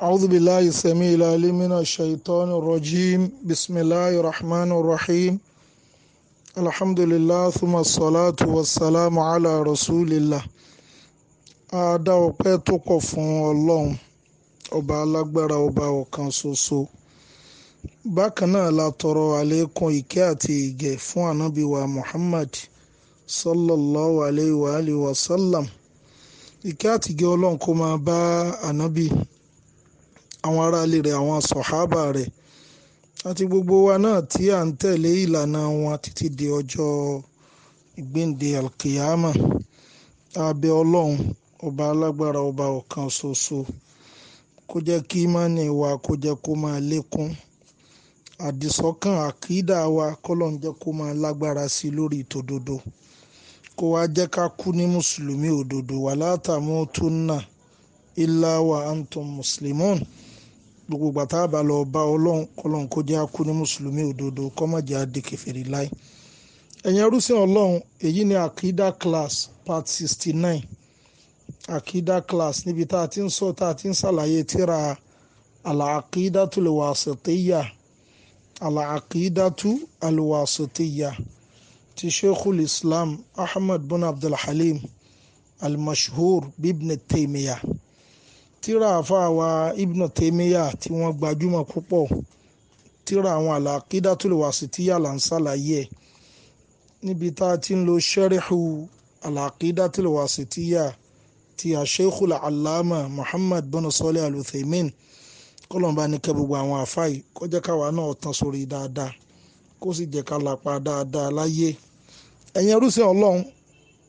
أعوذ بالله السميع العليم من الشيطان الرجيم بسم الله الرحمن الرحيم الحمد لله ثم الصلاة والسلام على رسول الله a dá ọpẹ́ tó pọ̀ fún Ọlọ́run ọba alágbára ọba ọ̀kan ṣoṣo bákan náà la tọrọ àlékún ìkẹ́ àti ìgẹ̀ fún ànábì wa Muhammad sallallahu alayhi wa alihi sallam ìkẹ́ àti ìgẹ̀ Ọlọ́run kó máa bá ànábì àwọn aráalé rẹ̀ àwọn sọ̀hábà rẹ̀ àti gbogbo wa náà tí à ń tẹ̀lé ìlànà wọn títí di ọjọ́ ìgbéǹde alkiyama abẹ ọlọ́run ọba alágbára ọba ọ̀kan ṣoṣo kó jẹ́ kí ìmánì wa kó jẹ́ kó máa lékún àdìsọ́kàn àkídà wa kọ́lọ́n jẹ́ kó máa lágbára sí i lórí ìtòdodo kó wá jẹ́ ká kú ní mùsùlùmí òdodo wà látàmú tó nà ilá wa antum muslimun. gbogbo ìgbà tá a bá lọ bá ọlọ́run kọlọ́run kó jẹ́ akú ní mùsùlùmí òdodo kó má jẹ́ láì ẹ̀yin ẹrúsìn ọlọ́run èyí ni akida class part sixty nine akida class níbi tá a ti ń sọ tá a ti ń ṣàlàyé tíra al-aqidatul wasitiyya al-aqidatul wasitiyya ti sheikhul islam ahmed bin abdulhalim al-mashhur bibni taymiyah tíra wa ibn temiya tí wọ́n gbajúmọ̀ púpọ̀ tíra àwọn àlàkídàtúlù wasitiya là ń ṣàlàyé ẹ̀ níbi tá a ti ń lo ṣẹ́ríhù àlàkídàtúlù wasitiya ti àṣeykhul alama muhammad bin salih al-uthaymin kọlọmba ní kẹ gbogbo àwọn àfáì kó jẹ́ káwa náà tán sórí dáadáa kó sì jẹ́ ká lápá dáadáa láyé ẹ̀yin ẹrúsìn ọlọ́run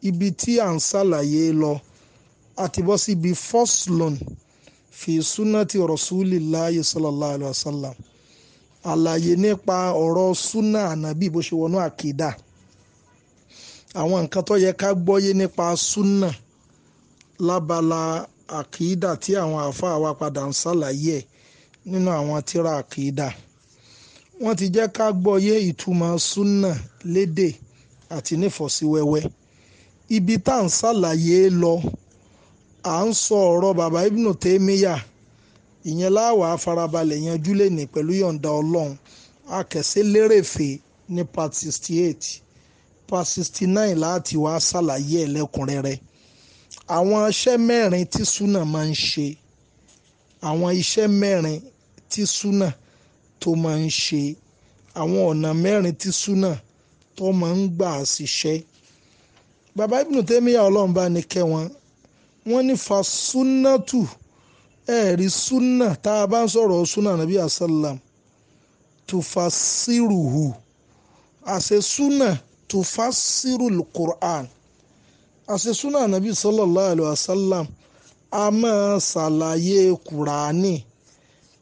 ibi tí à ń ṣàlàyé lọ àti bọ́ síbi faslun fi sunnati rasulillahi sallallahu alayhi wa sallam àlàyé nípa ọ̀rọ̀ sunna ànábì bó ṣe wọnú àkídà àwọn nǹkan tó yẹ ká gbọ́yé nípa sunna lábala àkídà tí àwọn àáfàá wa padà ń ṣàlàyé ẹ̀ nínú àwọn tírà àkídà wọ́n ti jẹ́ ká gbọ́yé ìtumọ̀ sunna lédè àti nífọ̀síwẹ́wẹ́ ibi tá à ń ṣàlàyé lọ à ń sọ ọ̀rọ̀ bàbá Ibn Taymiyyah ìyẹn láwà farabalẹ̀ yanjú lẹ́nìí pẹ̀lú yọ̀ǹda ọlọ́run akẹ́sẹ́ lérèfé ní part sixty eight part sixty nine láti wá ṣàlàyé ẹ̀ lẹ́kùnrẹ́rẹ́ àwọn iṣẹ́ mẹ́rin tí súnà máa ń ṣe àwọn iṣẹ́ mẹ́rin tí súnà tó máa ń ṣe àwọn ọ̀nà mẹ́rin tí súnà tó máa ń gbà ṣiṣẹ́ bàbá Ibn Taymiyyah ọlọ́run bá ní kẹ́ wọ́n ní fa súnátù ẹ̀rí súnà tá a bá ń sọ̀rọ̀ súnà nàbí àsálàm tùfàṣírùhù àṣẹ súnà tùfàṣírùl qur'an àṣẹ súnà nàbí sallallahu alayhi wa sallam a máa ṣàlàyé kùránì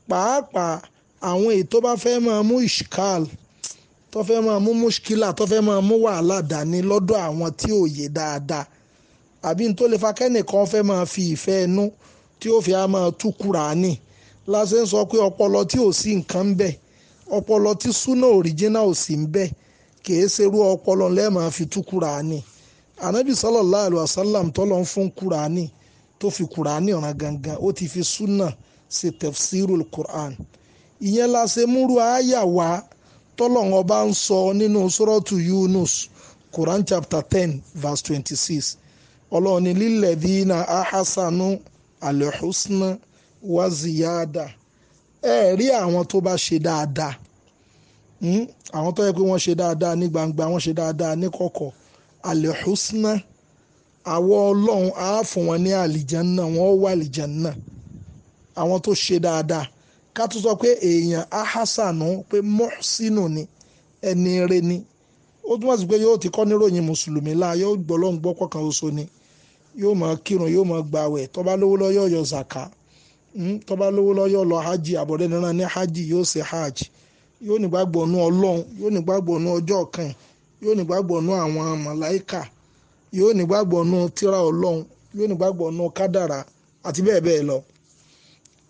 pàápàá àwọn èyí tó bá fẹ́ máa mú ishkal tó fẹ́ máa mú mushkila tó fẹ́ máa mú wàhálà dání lọ́dọ̀ àwọn tí ò yé dáadáa àbí n tó lè fa kẹ́nìkan fẹ́ máa fi ìfẹ́ ẹnu tí ó fi á máa tú Kùránì láti ń sọ pé ọpọlọ tí ò sí nǹkan ń bẹ ọpọlọ tí súnà òríjínà ò sí ń bẹ kìí ṣerú ọpọlọ lẹ́ẹ̀mọ́ fi tú Kùránì ànábì sallallahu alaihi wasallam tọ́lọ́ ń fún Kùránì tó fi Kùránì ọ̀ràn gangan ó ti fi súnà ṣe tafsirul Qur'an ìyẹn la ṣe múrú àyà wá tọ́lọ́run ọba ń sọ nínú sọ́rọ́tù Yunus Quran chapter ten verse twenty-six ọlọ́run ni lílẹ̀ dínà ahasanu alehusna waziyada ẹ rí àwọn tó bá ṣe dáadáa hmm? àwọn tó yẹ pé wọ́n ṣe dáadáa ní gbangba wọ́n ṣe dáadáa ní kọ̀kọ̀ alehusna àwọ ọlọ́run á fún wọn ní àlìjánná wọ́n wà àlìjánná àwọn tó ṣe dáadáa ká tún sọ pé èèyàn ahasanu pé mọ́sínù ni ẹni rẹ ni ó túmọ̀ sí pé yóò ti kọ́ níròyìn mùsùlùmí láà yóò gbọ́ lọ́n ni yóò máa kírun yóò máa gbàwẹ̀ tó bá lówó lọ́yọ̀ yọ zaka hmm? tó bá lówó lọ́yọ̀ lọ hajj àbọ̀dẹ́ nìran ní hajj yóò ṣe hajj yóò nígbàgbọ́ nú ọlọ́run yóò nígbàgbọ́ nú ọjọ́ kan yóò nígbàgbọ́ nú àwọn màláìkà yóò nígbàgbọ́ nú tírà ọlọ́run yóò nígbàgbọ́ nú kádàrà àti bẹ́ẹ̀ bẹ́ẹ̀ lọ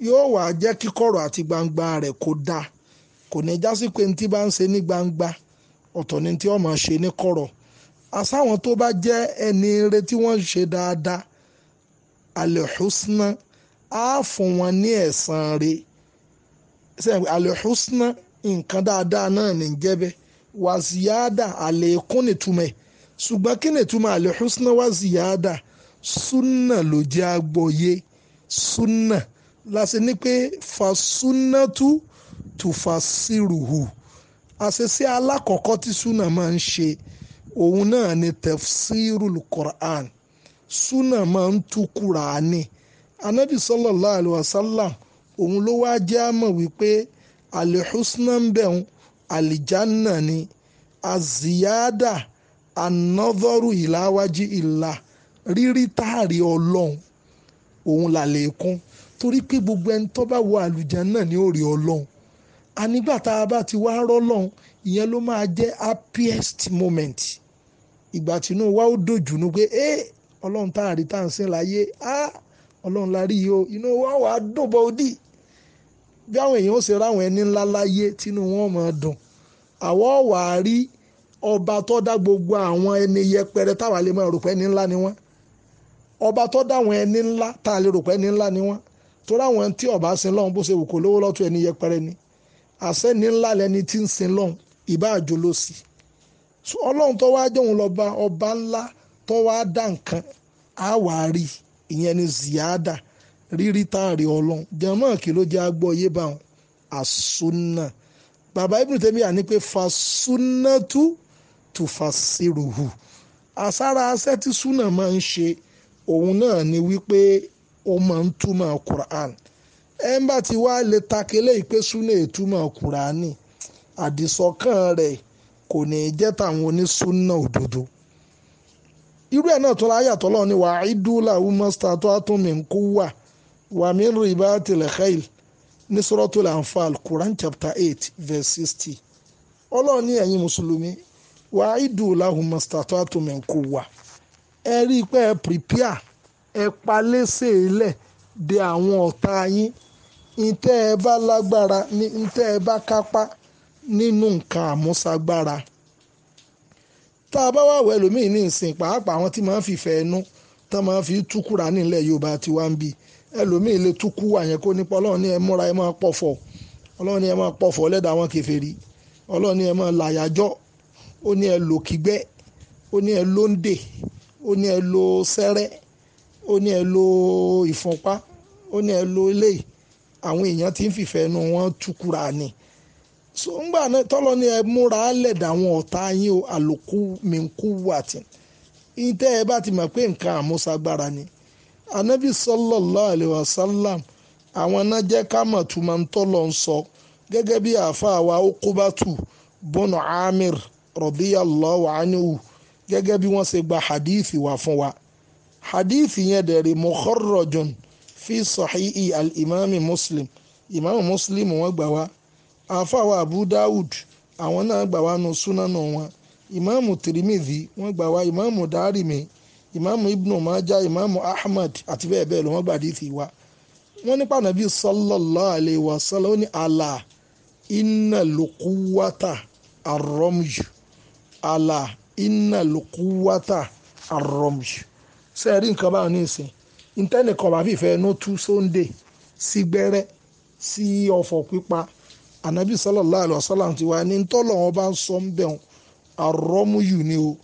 yóò wà jẹ́ kíkọ̀rọ̀ àti gbangba rẹ̀ kó dáa kò ní jásí pé ní tí bá ń ṣe ní gbangba ọ̀tọ̀ ni tí ó máa ṣe ní kọ̀rọ̀ àsáwọn tó bá jẹ́ ẹni rẹ tí wọ́n ń ṣe dáadáa alẹ́húsná á fún wọn ní ẹ̀san rẹ alẹ́húsná nǹkan dáadáa náà ní jẹ́bẹ̀ wàzíyáàdà àlékún nìtumẹ̀ ṣùgbọ́n kí nìtumọ̀ alẹ́húsná wàzíyáàdà súnà ló jẹ́ agbọ̀yé súnà láti ní pé fasúnàtú tùfàṣírùhù àṣẹṣe alákọ̀ọ́kọ́ tí súnà máa ń ṣe òun náà ni tafsirul Qur'an súnà máa ń tú kúránì anabi sallallahu alayhi wa sallam òun ló wáá jẹ́ àmọ̀ wípé alihusna alijanna ni aziyada anọ́dọ́rù ìláwájú ìlà rírí táàrí ọlọ́run òun làlékún torí pé gbogbo ẹni tó bá wọ ni ní òrì ọlọ́run ànígbà tá a bá ti wá rọ́lọ́run ìyẹn ló máa jẹ́ happiest moment ìgbà tínú wa ó dòjú nu pé ẹ ọlọ́run tá à ń rí tá à ń sìn láyé á ọlọ́run la rí yìí o inú wa wàá dùn bọ́ òdì bí àwọn èèyàn ó ṣe ráwọn ẹni ńlá láyé tínú wọn máa dùn àwọ̀ wàá rí ọba tó dá gbogbo àwọn ẹni yẹpẹrẹ táwa lè máa rò pé ẹni ńlá ni wọ́n ọba tó dá àwọn ẹni ńlá tá a lè rò pé ẹni ńlá ni wọ́n torí àwọn tí ọba sin lọ́hún bó ṣe wù kó lówó lọ́tún ẹni yẹpẹrẹ ni àṣẹ ni ńlá lẹni tí ń sin lọ́hún ìbá àjò ló sì ọlọ́run tó wá jẹ́ òun lọ́ba ọba ńlá tó wá dá nǹkan á ìyẹn ni ziyada rírí táàrí ọlọ́run jẹ́mọ́ kí ló jẹ́ agbọ́ yé bá wọn àsúnà bàbá Ibn Taymiyyah ní pé fasúnàtú tù fàṣírùhù àsára asẹ́ tí súnà máa ń ṣe òun náà ni wípé ó máa ń túmọ̀ Qur'an ẹ̀ ń bá lè takelé ìpésúnà ìtumọ̀ Qur'ani àdìsọ́kàn rẹ̀ kò ní í jẹ́ tàwọn onísúnà òdodo irú ẹ̀ náà tó láyà tọ́lọ́ ni wàá ìdúlà umasta tó àtúnmí ń kú wà wàá mi rìn bá tilẹ̀ khail ní suratul anfal quran chapter eight verse sixty ọlọ́run ní ẹ̀yin mùsùlùmí wàá ìdúlà umasta tó àtúnmí ń kú wà ẹ rí i pé ẹ prepare ẹ palẹ́sẹ̀ lẹ̀ de àwọn ọ̀tá yín ntẹ́ ẹ bá lágbára ntẹ́ ẹ bá kápá nínú nǹkan àmúṣagbára tá a bá wà wẹ̀ lómi ní ìsìn pàápàá àwọn tí máa ń fìfẹ́ ẹnu tán máa fi túkúra nílẹ̀ Yorùbá tí wá ń bi ẹlòmíì lè túkú àyẹn kó nípa Ọlọ́run ní ẹ múra ẹ máa pọ̀fọ̀ Ọlọ́run ní ẹ máa pọ̀fọ̀ lẹ́dàá wọn kèfèrí Ọlọ́run ní ẹ máa làyàjọ́ ó ní ẹ lò kígbẹ́ ó ní ẹ lò ó ní ẹ lò sẹ́rẹ́ ó ní ẹ lò ìfúnpá ó ní ẹ lò eléyìí àwọn èèyàn tí ń fìfẹ́ ẹnu wọn túkúra ni so ńgbà náà tọ́lọ́ ni ẹ múra lẹ̀ dàwọn ọ̀tá yín o àlòkù mìínkù wàtí ìtẹ́ ẹ bá ti mọ̀ pé nǹkan àmúṣagbára ni anabi sallallahu alayhi wa sallam àwọn náà jẹ́ ká mọ̀ tó máa ń tọ́lọ̀ ń sọ gẹ́gẹ́ bí àáfàá wa okobatu bono amir radiyallahu anhu gẹ́gẹ́ bí wọ́n ṣe gba hadith wá fún wa hadith yẹn dẹ̀rẹ̀ mukharrajun fi sahihi al-imami muslim imam muslim wọ́n gbà wá àfàwọ̀ abu dawud àwọn náà gbà wá nu súnánù wọn ìmáàmù tirimidhi wọ́n gbà wá ìmáàmù dárìmí ìmáàmù ibnu maja ìmáàmù ahmad àti bẹ́ẹ̀ bẹ́ẹ̀ lọ wọ́n gbà dé tiwa wọ́n nípa nàbí sallallahu alayhi wa sallam ó ní àlà iná lukuwata arọ́mùjù àlà iná lukuwata arọ́mùjù sẹ́ẹ̀rí nǹkan báwọn ní ìsìn ìtẹ́nìkan bàbí ìfẹ́ nótú sunday sígbẹ́rẹ́ sí ọ̀fọ̀ pípa anabi sallallahu alayhi wa sallam ti wá ní ntọ́lọ̀ wọn bá ń sọ ń bẹ̀ wọn àrọ́múyù ni o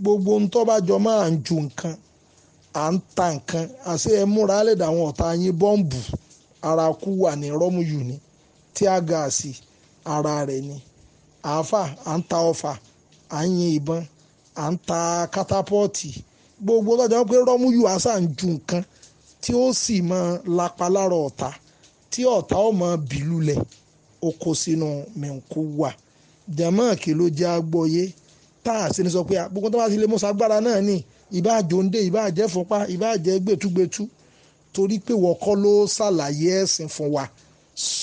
gbogbo ntọ́ bá jọ máa ń ju nǹkan à ń ta nǹkan àṣé ẹ múra lè dà wọn ọ̀tá yín bọ́ǹbù ara kú wà ní rọ́múyù ni tí a gaasi ara rẹ̀ ni àáfà à ń ta ọfà à ń yin ìbọn à ń ta kátápọ́ọ̀tì gbogbo lọ́jọ́ pé rọ́múyù àṣà ń ju nǹkan tí ó sì máa lapa lára ọ̀tá tí ọ̀tá ó máa bì lulẹ̀ ó kó sínú mẹ̀ǹkú wà jàmáà kí ló jẹ́ agbọ́yé tá a sì ní sọ pé àbúkọ́ tó bá ti lè mú sagbára náà ní ìbá àjòǹde ìbá àjẹ́ fúnpá ìbá àjẹ́ gbẹ̀túgbẹ̀tú torí pé wọ́n ló ṣàlàyé ẹ̀sìn fún wa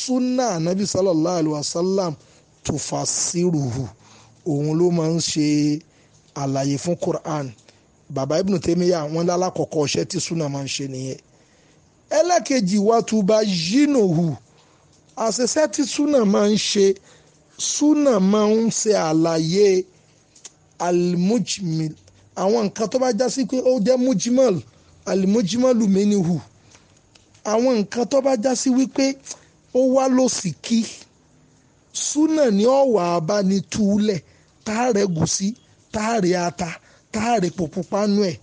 sunna anabi sallallahu alayhi wa sallam tufasiruhu òun ló máa ń ṣe àlàyé fún Qur'an bàbá ibnu tèmíyà wọn lálàkọ̀kọ́ ọ̀ṣẹ́ tí sunna máa ń ṣe nìyẹn ẹlẹ́kejì wàtúbà yínuhu àṣeṣẹ́ tí suna máa ń ṣe súnà máa ń ṣe àlàyé alimujmil àwọn nǹkan tó bá já sí pé ó jẹ́ mujmal alimujimalu menihu àwọn nǹkan tó bá já sí wípé ó wá lòsìkí súnà ní ọ̀wà abánitúlẹ̀ táàrẹ̀ gùsí táàrẹ̀ ata táàrẹ̀ pòpópánú ẹ̀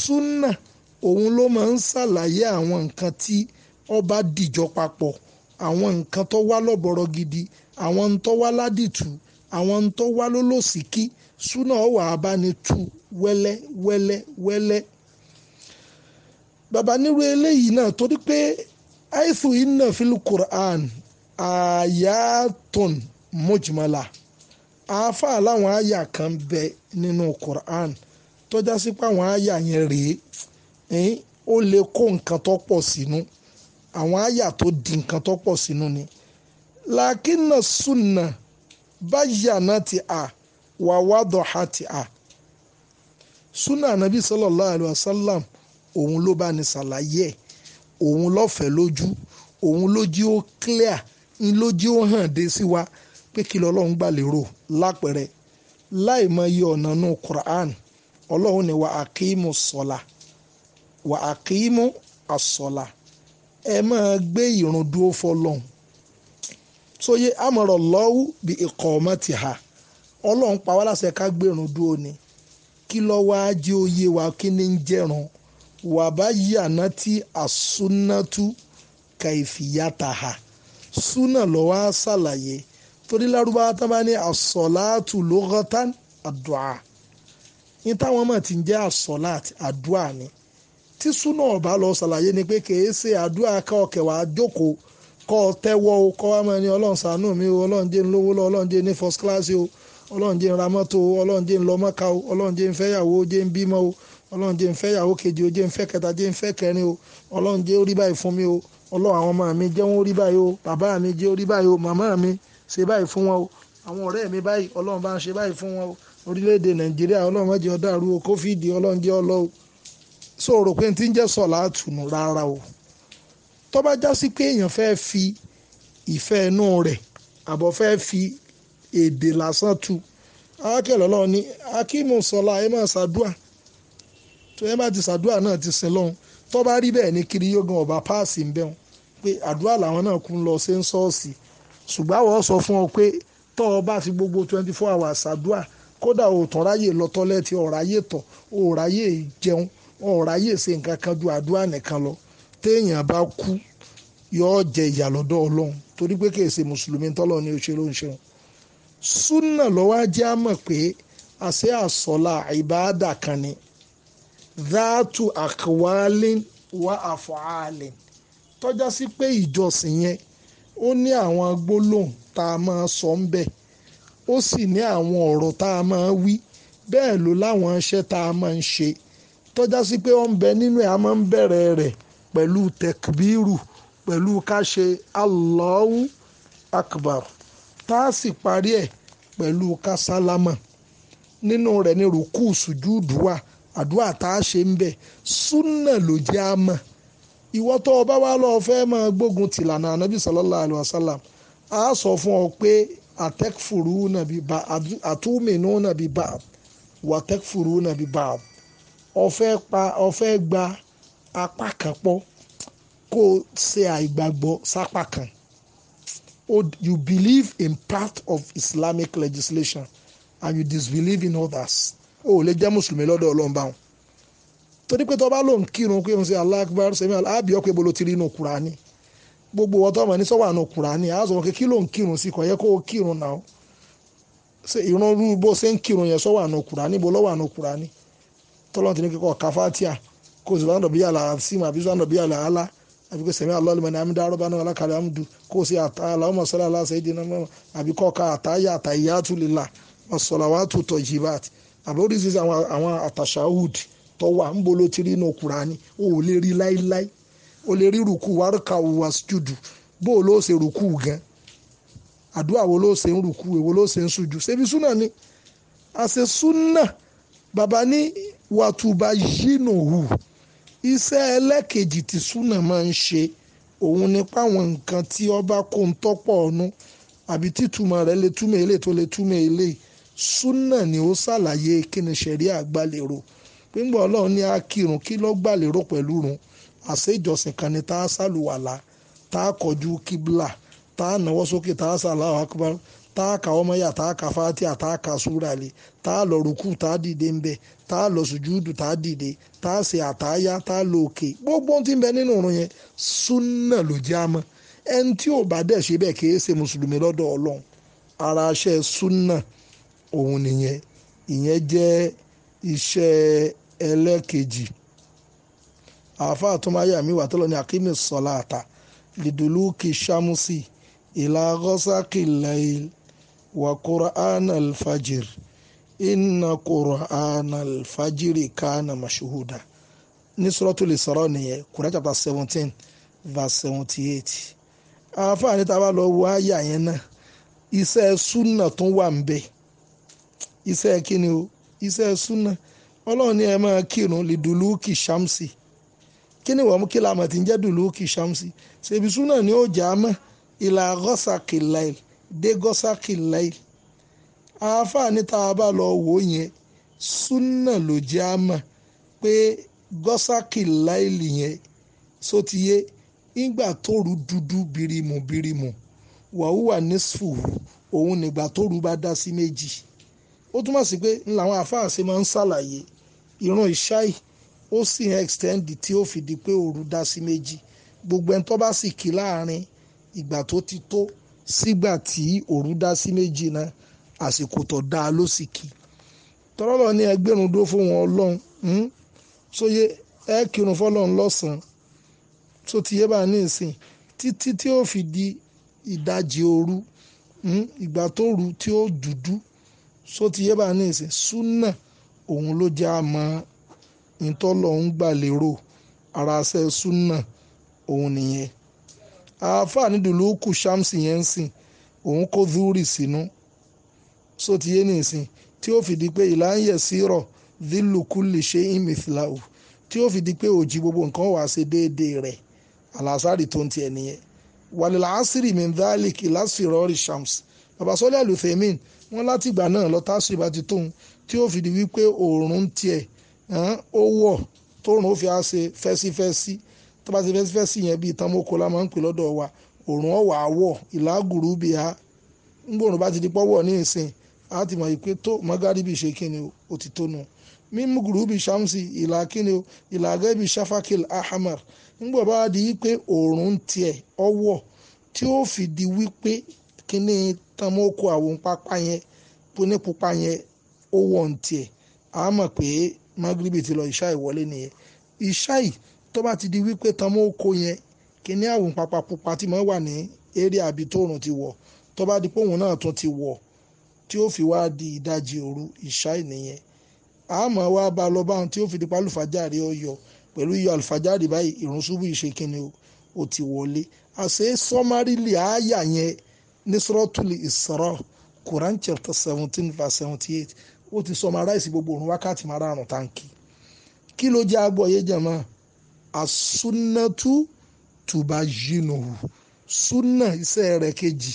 súnà òun ló máa ń ṣàlàyé àwọn nǹkan tí ọba dìjọ papọ̀ àwọn nǹkan tó wá lọ́bọ̀rọ̀ gidi àwọn ń tó wá ládìtú àwọn ń tó wá lólòsíkí súnà ọ̀wà abánitu wẹ́lẹ́ wẹ́lẹ́ wẹ́lẹ́. bàbá nírú eléyìí náà torí pé aifu iná fílù Qur'an ayatun mujmala àáfàá láwọn àyà kan bẹ nínú Qur'an tọ́já sí pé àwọn àyà yẹn rèé ó lè kó nǹkan tó pọ̀ sínú. Si àwọn àyà tó di nǹkan tó pọ̀ sínú ni làákínà súnà báyànà ti à wà wádọ̀ha ti à súnà ànábì sallallahu alaihi wasallam òun ló bá ní ṣàlàyé ẹ̀ òun lọ́fẹ̀ẹ́ lójú òun lójú ó clear ń lójú ó hàn dé sí wa pé kí lọ́lọ́run gbà lérò lápẹ̀rẹ̀ láì mọ iye ọ̀nà nù Qur'an ọlọ́run ni wà á kí mu sọ̀la wà á kí mu àsọ̀la. ẹ máa gbé ìrun dúró fọlọ́hún sóyè àmọ̀rọ̀ lọ́wọ́ bí ikọ̀ ọmọ ti hà ọlọ́run pa wá láṣẹ ká dúró ni kí lọ́ wáá jẹ́ oyè wa kí ni ń jẹ̀rùn wà bá yí àná tí àsúnátú kàìfìyàtà hà súnà lọ́ wá ṣàlàyé torí lárúbáwá bá ní àsọ̀láàtù ní táwọn ti ń jẹ́ àsọ̀láàtù ni. tí súnà ọba lọ ṣàlàyé ni pé kèé ṣe àdúrà ká ọkẹ̀ wá jókòó kọ́ ọ tẹ́wọ́ o kọ́ wàá máa ní ọlọ́run ṣàánú mi o ọlọ́run jẹ́ ń lówó lọ ọlọ́run jẹ́ ní first class o ọlọ́run jẹ́ ń ra mọ́tò o ọlọ́run jẹ́ ń lọ mọ́ka o ọlọ́run jẹ́ ń fẹ́yàwó o jẹ́ ń bímọ o ọlọ́run jẹ́ ń fẹ́yàwó kejì o jẹ́ ń fẹ́ kẹta jẹ́ ń fẹ́ kẹrin o ọlọ́run jẹ́ ó rí báyìí fún mi o ọlọ́run àwọn ọmọ mi jẹ́ wọ́n rí báyìí o bàbá mi jẹ́ ó rí báyìí o màmá mi ṣe báyìí fún wọn o àwọn ọ̀rẹ́ mi báyìí ọlọ́run bá ń ṣe báyìí fún wọn o orílẹ̀-èdè nàìjíríà ọlọ́run má jẹ́ ó dàrú o kófíìdì ọlọ́run so rò pé n ti ń jẹ́ sọ̀lá àtùnú rárá o tó bá já sí pé èèyàn fẹ́ fi ìfẹ́ inú rẹ̀ àbọ̀ fẹ́ fi èdè lásán tu akẹ́lọ́ lọ́wọ́ ni akíìmù sọ̀lá ẹ máa ṣàdúà tó ẹ bá ti ṣàdúà náà ti sin lọ́hùn tó bá rí bẹ́ẹ̀ ni kiri yóò gan ọba páàsì ń bẹ́hùn pé àdúrà làwọn náà kún lọ sí ń ṣọ́ọ̀ṣì ṣùgbọ́n àwọn sọ fún ọ pé tọ́ ọ bá fi gbogbo twenty four hours ṣàdúà kódà òòtàn ráyè lọ tọ́lẹ́ẹ̀tì ọ̀ráyè tọ̀ òòráyè jẹun wọn ò ṣe nǹkan kan ju àdúrà nìkan lọ téèyàn bá kú yóò jẹ ìyà lọ́dọ̀ torí pé kìí ṣe mùsùlùmí tọ́lọ́ ní oṣù ló súnà lọ́wọ́ ajé á mọ̀ pé àṣẹ àsọlá ìbáàdà kan ni dáàtú àkọwálín wá àfọ̀hálín tọ́já sí pé ìjọsìn yẹn ó ní àwọn gbólóhùn tá a máa sọ ń bẹ̀ ó sì ní àwọn ọ̀rọ̀ tá a máa wí bẹ́ẹ̀ ló láwọn tá a máa tọ́já sí pé ó ń bẹ nínú ẹ̀ a máa ń bẹ̀rẹ̀ rẹ̀ pẹ̀lú tẹkbíru pẹ̀lú ká ṣe Allahu akbar tá a sì parí ẹ̀ pẹ̀lú ká sálámà nínú rẹ̀ ní rúkú sùjúdù wà àdúrà tá a ṣe ń bẹ súnà ló jẹ́ a mọ̀ ìwọ tó o bá wá lọ fẹ́ máa gbógun tìlànà ànábì sallallahu alayhi wa sallam a sọ fún ọ pé àtẹ́kfùrú nàbí bá àtúmìnú nàbí bá wàtẹ́kfùrú nàbí bá ọ̀fẹ́ pa ọ̀fẹ́ gba apá kan pọ̀ kó o ṣe àìgbàgbọ́ sápá kan you believe in part of Islamic legislation and you disbelieve in others o ò lè jẹ́ mùsùlùmí lọ́dọ̀ ọlọ́run báwọn torí pé tó bá lòun kírun pé òun ṣe Allah Akbar sẹ́mi àbíọ́ pé bolo ti rí inú Kùránì gbogbo ọ̀tọ́ ọmọ ní sọ́wọ́ àánú Kùránì á sọ pé kí lòun kírun sí kò yẹ kó o kírun náà ṣe ìrun bó ṣe ń kírun yẹn sọ́wọ́ àánú Kùránì bó lọ́wọ́ àánú Kùránì tọ́lọ́n ti ní kíkọ́ káfátíà kó sì báńdọ̀ bí àlà símù àbí báńdọ̀ bí àlà alá àbí kó sẹ̀mí alọ́ọ̀lùmọ̀ ní amúdá arọ́bánú alákàlẹ̀ amúdú kó sì Allahumma salli ala sayidina mọ́ àbí kọ́ ka àtàyà àtàyàtú lillah as-salawatu tayyibat àbí oríṣiríṣi àwọn àtàṣàhùd tó wà ń bolo ti rí inú Kùránì ó lè rí láíláí ó lè rí rùkú wárúkà wàsíjùdù bó o ló ṣe rùkú gan àdúrà wo ló ṣe ń rùkú èwo ló ṣe ń sùjù ṣebí súnà ni àṣẹ súnà bàbá ní wàtúbà yínúhù iṣẹ́ ẹlẹ́kejì tí súnà máa ń ṣe òun ni páwọn nǹkan tí ọba kò ń tọ́pọ̀ ọ̀nu àbí títúmọ̀ rẹ̀ lè túmọ̀ èlé tó lè túmọ̀ èlé súnà ni ó ṣàlàyé kí ni ṣẹ̀rí àgbàlérò pínpọ̀ ọlọ́run ní akírun kí ló gbàlérò pẹ̀lú run àṣẹ ìjọsìn kan ni tá a ṣàlùwàlà tá a kọjú kíbla tá a náwó sókè tá a ṣàlàwà akbar tá a ka ọmọyà tá a ka fatia tá a ka súrale tá a lọ rúkú tá a dìde ń bẹ tá a lọ sùjúdù tá a dìde tá a ṣe àtáyá tá a lọ òkè gbogbo tí ń bẹ nínú òrùn yẹn súnà ló jẹ́ àmọ́ ẹni tí ò bá dẹ̀ ṣe bẹ́ẹ̀ kì ṣe mùsùlùmí lọ́dọ̀ ọlọ́run ara iṣẹ́ súnà òun nìyẹn ìyẹn jẹ́ iṣẹ́ ẹlẹ́kejì àáfàá tó máa wà tó ní akíní sọlá àtà lìdùlù kìí ṣàmùsì ìlà rọ́sákìlẹ̀ ilẹ̀. وقرآن الفجر إن قرآن الفجر كان مشهودا ní sọ́rọ́tò lè sọ̀rọ̀ nìyẹn Quran chapter seventeen verse seventy eight àáfàá níta bá lọ wo àyà yẹn náà iṣẹ́ súnà tó wà ń bẹ iṣẹ́ kíni o iṣẹ́ súnà ọlọ́run ní ẹ máa kírun lè dùlúùkì ṣámsì kíni wọ́n kí lamọ̀ tí ń jẹ́ dùlúùkì ṣámsì ṣèbí súnà ni ó jà á mọ́ ìlà rọ́ṣà kìláìlì dé gọ́sákì láì àáfàá ní tá a bá lọ wò yẹn súnà ló jẹ́ á mọ̀ pé gọ́sákì láìlì yẹn sótìyé nígbà tóru dúdú birimu birimu wàhùwà nísfù òun nígbà tóru bá dá sí méjì ó túmọ̀ sí pé làwọn àáfàá ṣe máa ń ṣàlàyé ìran ìṣáì ó sì extend tí ó fi di pé òru dá sí méjì gbogbo ẹni tó bá sì kí láàrin ìgbà tó ti tó sígbà tí òru dá sí méjì náà àsìkò tó dáa ló sì kì tọ́lọ́lọ́ ní ẹgbẹ́rún dó fún wọn ọlọ́run hmm? sóye ẹ kírun fọlọ́run lọ́sàn tó ti yé bá ní ìsìn títí tí ó fi di ìdajì òru hmm? ìgbà tó ru tí ó dúdú só ti yé bá ní ìsìn súnà òun ló jẹ́ àmọ́ ìtọ́lọ́hún gbà lérò ara ṣe súnà òun nìyẹn àáfàá nídùúlù kù shamsi yẹn ń sìn òun kó zuri sínú so ti yé nìsín tí ó fìdí pé ìlànyẹ̀ sírọ̀ dílùkulì ṣe imithlau tí ó fìdí pé òjì gbogbo nǹkan wàá ṣe déédéé rẹ̀ alásàrì tó ń tiẹ̀ nìyẹn wàlẹ̀ làásìrì mindalik ìlàsìrọ̀rì shams babasọ́lẹ̀ àlùfẹ́mìn wọn láti ìgbà náà lọ tásìrì bá ti tóun tí ó fìdí wípé òòrùn tiẹ̀ ó wọ̀ tóòrùn ó fi á ṣe fẹ́sífẹ́sí. -fẹ́sí tó bá ti fẹ́ fẹ́ sí yẹn bíi tamoko la máa ń pè lọ́dọ̀ wa òòrùn ọ̀wà àwọ̀ ìlàgùrù bí a ń gbòòrùn bá ti di pọ́wọ̀ ní ìsìn á ti mọ̀ ìpè tó mọ́gàríbì ṣe kíni ó ti tó nu mímú gùrùbì shamsi ìlà kíni o ìlà gẹ́bì shafakil ahamar ńgbọ̀ bá di wípé òòrùn tiẹ̀ ọwọ́ tí ó fi di wípé kíní tamoko àwọn pápá yẹn ní pupa yẹn ó wọ̀ ń tiẹ̀ á mọ̀ pé magribi ti lọ ìṣá ìwọlé nìyẹn ìṣá yìí tó bá ti di wípé tán mọ́ oko yẹn kíní àrùn pàpà pupa tí mo wà ní eré àbí tóòrùn ti wọ̀ tó bá di pé òun náà tún ti wọ̀ tí ó fi wá di ìdajì òru ìṣá ìnìyẹn àmọ́ wá bá lọ báwọn tí ó fi di pa ọyọ pẹ̀lú iyọ̀ àlùfájàre báyìí ìrun ìṣe kíni o ti wọlé àṣẹ sọmárìlì àáyà yẹn ní sọ́rọ́tùlì Isra Quran chapter seventeen verse seventy eight ó ti sọmaráìsì gbogbo òrùn wákàtí márààrún táǹkì kí ló jẹ́ agbóyè jẹ̀mọ́ asúnátú tùbá yìnyínú súnà iṣẹ́ rẹ̀ kejì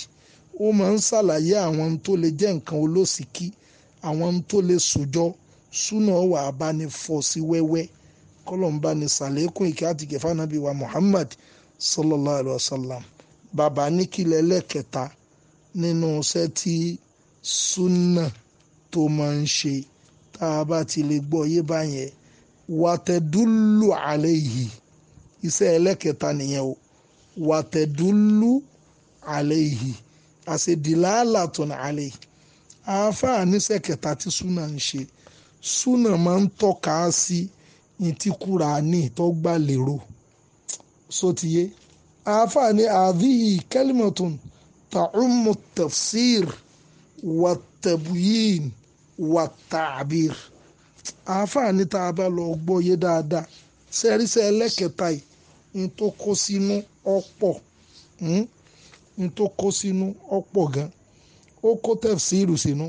ó máa ń ṣàlàyé àwọn tó lè jẹ́ nǹkan olóṣìkí àwọn tó lè sòjọ́ súnà wà bá ní fọ́ sí wẹ́wẹ́ kọlọmba ní sàlékún ìkẹ́ kẹfà nàbí wa Muhammad sallallahu alayhi wa sallam bàbá níkìlẹ̀ lẹ́kẹta nínú iṣẹ́ tí súnà tó máa ń ṣe tá a bá ti lè gbọ́ yé báyẹn wàtẹ̀dúlù àléyìí iṣẹ́ ẹlẹ́kẹta nìyẹn o wàtẹ̀dúlù aleyhi, asedilala tọ̀nà àléyìí àáfàá níṣẹ́ kẹta tí súnà ń ṣe súnà máa ń tọ́ka sí ní tí Kùránì tó gbà sotiye àáfàá ní àdìyí kẹlímọ̀tún tàùmù tafsir wàtẹ̀bùyìn wàtàbír. àáfàá tá a bá lọ gbọ́ yé dáadáa sẹ́ríṣẹ́ ẹlẹ́kẹta yìí ní hmm? tó kó sínú ọ̀pọ̀ gan ó kó tẹ̀fsíìrù sínú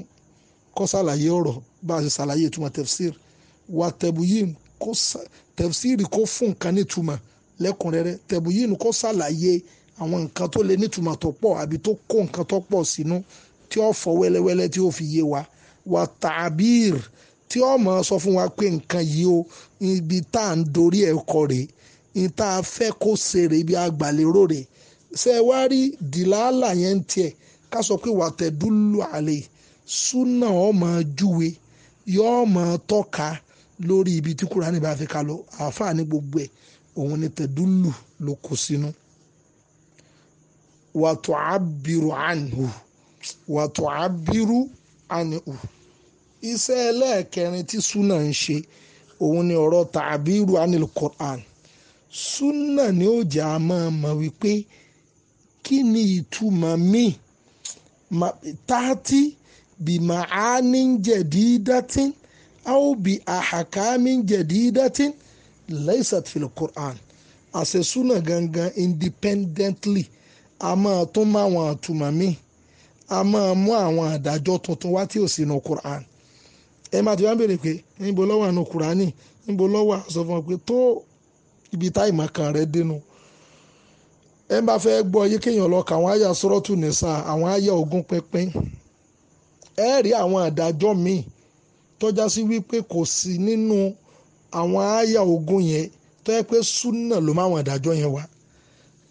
kó ṣàlàyé ọ̀rọ̀ bá a ṣe ṣàlàyé ìtumọ̀ tẹ̀fsíìrù wà tẹ̀bùyìn kó tẹ̀fsíìrù kó fún nǹkan nítumọ̀ lẹ́kùnrẹ́rẹ́ tẹ̀bùyìn kó ṣàlàyé àwọn nǹkan tó lè nítumọ̀ tó pọ̀ àbí tó kó nǹkan tó pọ̀ sínú fọ wẹ́lẹ́wẹ́lẹ́ tí ó fi yé wa wà tàbíìrù tí ó mọ̀ sọ fún wa pé nǹkan yìí o ibi tá à ń dorí ẹ̀ kọ rèé ibi tá a fẹ́ kó ṣe rèé ibi àgbàlérò rèé ṣe wá rí dìláàlà yẹn ń tiẹ̀ ká sọ pé wàtẹ́dúlù àlè súnà ọmọ júwe yóò mọ̀ tọ́ka lórí ibi tí kúránì bá fi ká lọ àáfàá ní gbogbo ẹ̀ òun ni tẹ̀dúlù ló kó sínú wàtò àbírù ànhù wàtò àbírù ànhù iṣẹ́ ẹlẹ́ẹ̀kẹrin tí súnà ń ṣe òun ni ọ̀rọ̀ tàbírù anil Qur'an Suna ni ó jà á máa mọ̀ wípé kí ni ìtumọ̀ míì tààtì bìmọ̀ á ní jẹ̀dí dátìn aw bi ahakamin jẹ̀dídẹ́tìn laysat fil Qur'an àṣesúnà gangan independently a máa tún mọ àwọn àtúmọ̀ mi a máa mú àwọn àdájọ́ tuntun wá tí ò sínú Qur'an ẹ máa ti wá béèrè pé níbo lọ́wọ́ àánú kùránì níbo lọ́wọ́ sọ fún ọ pé tó ibi táì máa kàn rẹ dénú ẹ bá fẹ́ gbọ́ yí kéèyàn lọ kà àwọn àyà sọ́rọ́tù nìsa àwọn àyà ogún pínpín ẹ rí àwọn àdájọ́ míì tọ́já sí wípé kò sí nínú àwọn àyà ogún yẹn tó yẹ pé súnà ló máa wọn àdájọ́ yẹn wá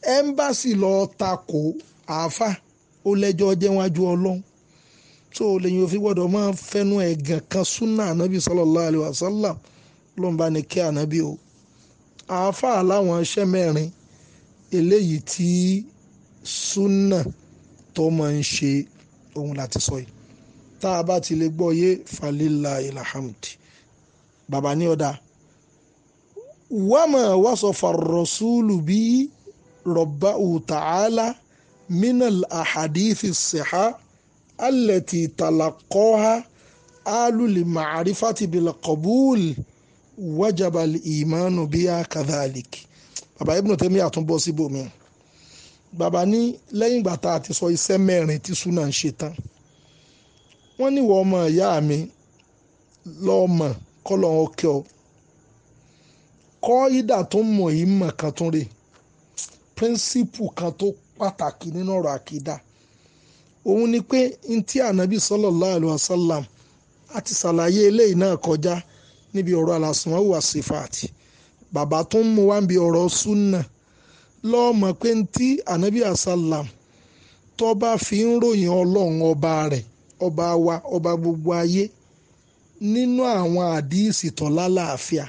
ẹ ń bá sì lọ takò àáfà ó lẹ́jọ́ jẹ́wájú ọlọ́run so lẹ́yìn òfin gbọ́dọ̀ máa fẹ́nu ẹ̀gàn kan súnà ànábì sallallahu alaihi ló ń bá ní kí ànábì o àáfàá láwọn iṣẹ́ mẹ́rin eléyìí tí súnà tó máa ń ṣe ohun láti sọ yìí tá a bá ti lè gbọ́ yé falila ilhamdi bàbá ní ọ̀dà wàmà wàsọ̀fà rọ̀ṣúlù bíi rọ̀bà ta'ala minal ahadithi sèha. التي تلقاها آل المعرفة بالقبول وجب الإيمان بها كذلك bàbá Ibn Taymiyyah tún bọ́ síbòmí bàbá ní lẹ́yìn ìgbà tá a ti sọ iṣẹ́ mẹ́rin tí súnà ń ṣe tán wọ́n ní ìwọ ọmọ ìyá mi lọ́ọ̀mọ̀ kọ́lọ́ ọkẹ́ ọ kọ́ ìdà tó mọ̀ yìí mọ̀ kan tó rè píríncípù kan tó pàtàkì nínú ọ̀rọ̀ àkídà òun ni pé ntí ànábì sallallahu alaihi wasallam a ti ṣàlàyé eléyìí náà kọjá níbi ọ̀rọ̀ àlàsùnmọ́ wà sífàtì bàbá tó ń mú wá ń bi ọ̀rọ̀ súnà lọ́ọ̀mọ̀ pé ntí ànábì àsálàm tó bá fi ń ròyìn ọlọ́run ọba rẹ̀ ọba wa ọba gbogbo ayé nínú àwọn àdíìsì tó lálàáfíà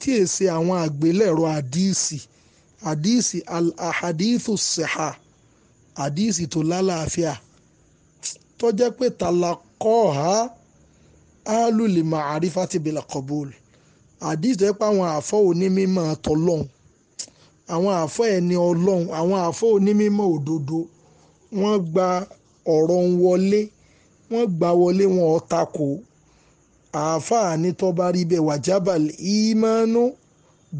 tí è ṣe àwọn àgbélẹ̀rọ àdíìsì àdíìsì alhadithu ahadithu àdíìsì tó lálàáfíà tó jẹ́ pé talakọ́ha alùlẹ̀ màárífà ti bìlà kọ̀bùl àdíìsì tó jẹ́ pé àwọn àfọ́ onímọ̀ tọ́lọ́hún àwọn àfọ́ ẹni ọlọ́hún àwọn àfọ́ onímọ̀ òdodo wọ́n gba ọ̀rọ̀ ń wọlé wọ́n gba wọlé wọn ò tako àáfàá ní tó wàjábàl ìmánú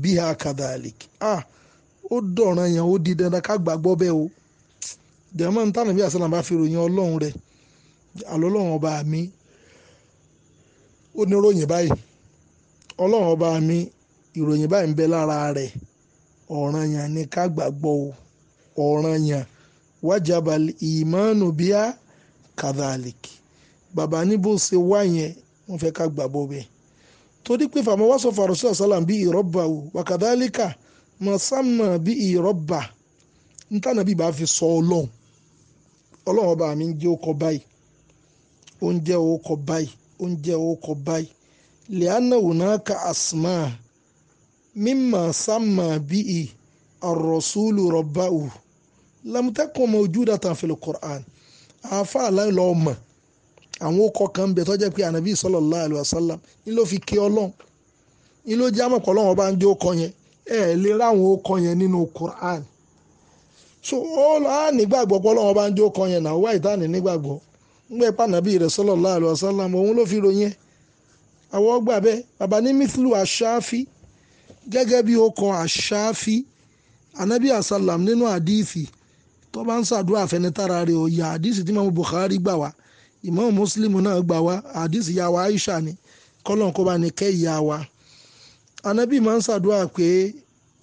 bíhà kadàlík ah ó dọ̀ràn yẹn ó di dandan ká gbàgbọ́ bẹ́ẹ̀ o. jẹ́mọ́ ní tànàbí àṣàlà bá fi ròyìn ọlọ́run rẹ̀ àlọ́lọ́run ọba mi ó ní ròyìn báyìí ọlọ́run ọba mi ìròyìn báyìí ń bẹ lára rẹ̀ ọ̀ranyàn ni ká gbàgbọ́ o bàbá ní ṣe wá yẹn wọ́n fẹ́ ká gbàgbọ́ ọlọ́run ọba mi ń jẹ́ ó kọ báyìí ó ń jẹ́ ó kọ báyìí ó ń jẹ́ ó kọ báyìí lẹ́ánà wùnáka asma mímà sàmà bíi arọ̀súlù rọ̀báwù lamtakun mawjuda tan fil Qur'an àáfà aláìlọ́ ọmọ àwọn okọ̀ kan bẹ̀ tọ́jẹ́ pé ànábì sallallahu alaihi wasallam ni ló fi kí ọlọ́run ni ló jẹ́ àmọ̀pọ̀ ọlọ́run ń jẹ́ ó yẹn ẹ̀ lè ráwọn okọ̀ yẹn nínú Qur'an so ọlọ́ á nígbàgbọ́ pọ́lọ́wọ́n bá ń jó kan yẹn náà wá ìtàní nígbàgbọ́ ńgbẹ́ pànàbí rẹ̀ sallallahu alaihi wasallam òun ló fi ròyìn ẹ̀ àwọn ọgbà bẹ́ẹ̀ bàbá ní mithlu gẹ́gẹ́ bí ó kan àṣáfi anabi asalam nínú àdìsí tó bá ń ṣàdúrà àfẹnitára àdìsí tí mamu Bukhari gbà wá ìmọ̀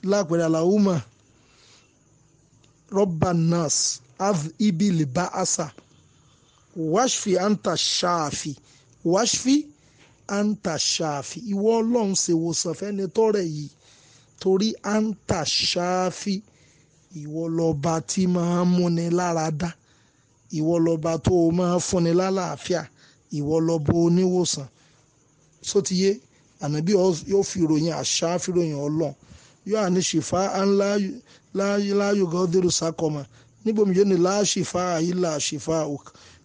náà rọ́bànás av ibi lìbá àṣà anta àǹtà ṣáàfì anta àǹtà ṣáàfì ìwọ ọlọ́run ṣèwòsàn fẹ́ni tọ́rẹ̀ yìí torí àǹtà ṣáàfì ìwọ lọ́ba tí máa ń múni lára dá ìwọ lọ́ba tó o máa ń fúnni lálàáfíà ìwọ lọ́ba oníwòsàn sótìyé ànábì yóò fi ròyìn àṣà fi ròyìn ọlọ́run yóò àní ṣìfà ńlá láyògọ́ dèrò sákọ̀mà níbomi yóò ní láṣìfà àyílà ṣìfà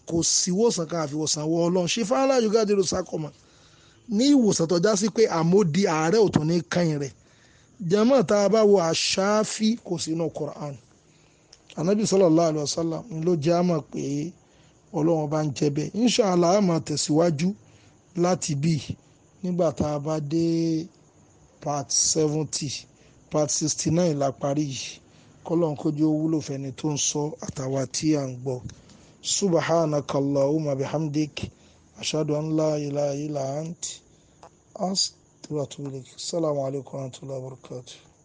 kò sí wòsàn kan àfiwòsàn wọ ọlọ́run ṣìfà láyògọ́ dèrò sákọ̀mà ní ìwòsàn tó já sí pé àmódi àárẹ̀ ò tún ní kẹ́yìn rẹ̀ jẹ́mọ́ tá a bá wo àṣáfí kò sínú Qur'an anabi sallallahu alayhi wa sallam ló jẹ́ àmọ̀ pé ọlọ́run bá ń jẹ́ bẹ́ẹ̀ inṣàlá a láti bí nígbà tá a bá dé part seventy part sixty nine la parí yìí kọ́lọ́n kójú ó wúlò fẹ́ni tó ń sọ àtàwà tí à ń gbọ́ subhanaka allahumma bihamdik ashadu an la ilaha illa ant astaghfiruka wa salamu alaykum wa rahmatulahi wa barakatuh.